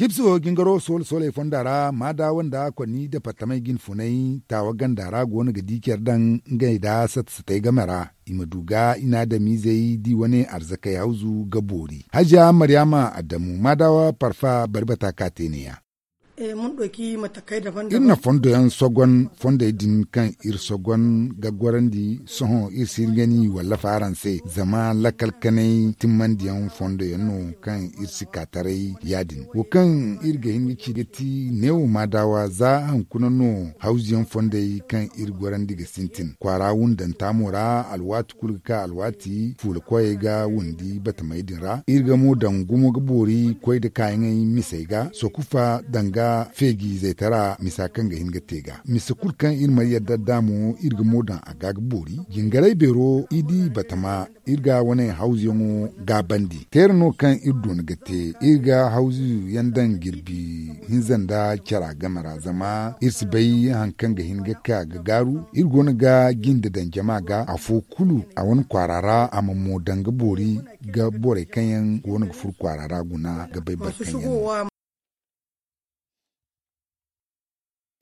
Kipso gingaro sol sole fondara da wanda ni da fatamai gin funai tawa gandara gona ga dikiyar dan ngai da sate gamara imaduga ina da mizai di wani arzaka yauzu gabori. Hajiya Maryama Adamu madawa farfa barbata katenia Eh, mun ɗauki matakai fondo yan sogon fondo din kan ir sogon gagwaran di soho ir sirgani wala faranse zama lakal kanai timman yan fondo yan no kan ir sikatarai yadin. wukan kan ir ga hin ci madawa za an kuna no yan fondo kan ir gwaran diga sintin. Kwara wundan tamura alwati kulka alwati fula ga wundi bata maidin ra. Ir ga dangumu dangumo ga bori koy da kayan misai ga sokufa danga fegi zai tara misakan ga hinga tega misakul in mai yadda damu irga modan a gaga bori gingarai bero idi batama irga wani hauzi yango ga bandi no kan na gate irga hauzi yandan girbi hinzan da kyara gamara zama irsi bai hankan ga hinga ka ga garu na ga ginda dan jama ga afo kulu a wani kwarara a mammo ga bori ga bore kanyan wani furkwarara guna ga bai barkan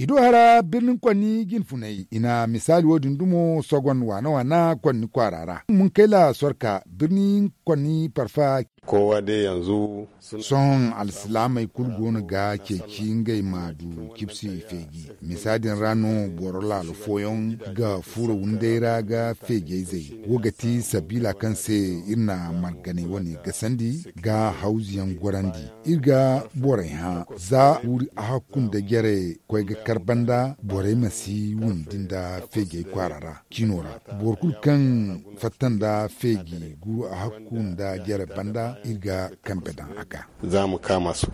ido hara birnin kwanni gin funai ina misali wadin dumo sogon wana wana kwanni kwarara mun kai la sorka birnin kwanni parfa kowa dai yanzu son alsilamai kulgona ga keki ngai madu kipsi fegi misadin rano borola alfoyon ga furo wundaira ga fege zai wogati sabila kan se irna margane wani ga sandi ga hauziyan gwarandi irga borai ha za wuri a hakun da gyare kwai ga karbanda borai masi wundin da fege kwarara kinora borkul kan fatan da fege guru a hakun da gyare banda irga kan bidan haka. Za mu kama su.